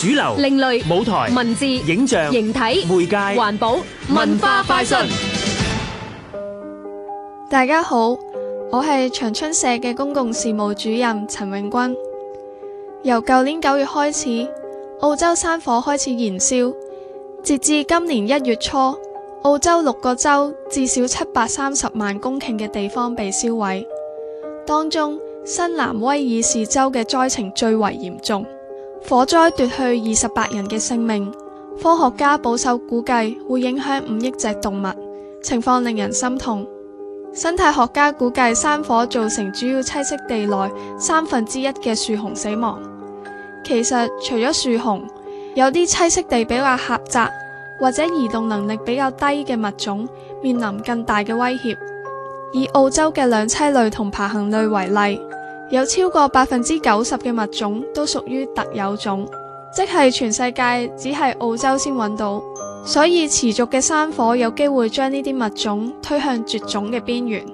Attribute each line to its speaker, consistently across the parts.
Speaker 1: 主流、另類舞台、文字、影像、形體、媒介、環保、文化快訊。大家好，我係長春社嘅公共事務主任陳永軍。由舊年九月開始，澳洲山火開始燃燒，截至今年一月初，澳洲六個州至少七百三十萬公頃嘅地方被燒毀，當中新南威爾士州嘅災情最為嚴重。火災奪去二十八人嘅性命，科學家保守估計會影響五億隻動物，情況令人心痛。生態學家估計山火造成主要棲息地內三分之一嘅樹熊死亡。其實除咗樹熊，有啲棲息地比較狹窄，或者移動能力比較低嘅物種，面臨更大嘅威脅。以澳洲嘅兩棲類同爬行類為例。有超過百分之九十嘅物種都屬於特有種，即係全世界只係澳洲先搵到，所以持續嘅山火有機會將呢啲物種推向絕種嘅邊緣。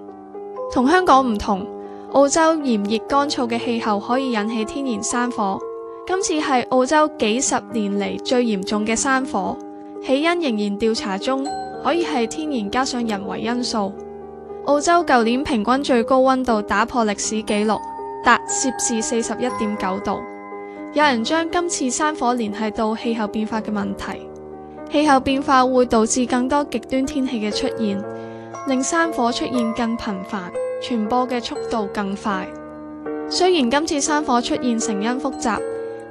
Speaker 1: 同香港唔同，澳洲炎熱乾燥嘅氣候可以引起天然山火。今次係澳洲幾十年嚟最嚴重嘅山火，起因仍然調查中，可以係天然加上人為因素。澳洲舊年平均最高溫度打破歷史紀錄。達攝氏四十一點九度，有人將今次山火聯繫到氣候變化嘅問題。氣候變化會導致更多極端天氣嘅出現，令山火出現更頻繁，傳播嘅速度更快。雖然今次山火出現成因複雜，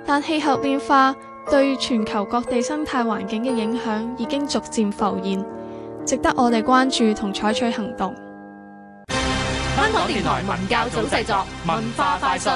Speaker 1: 但氣候變化對全球各地生態環境嘅影響已經逐漸浮現，值得我哋關注同採取行動。香港電台文教組製作《文化快訊》。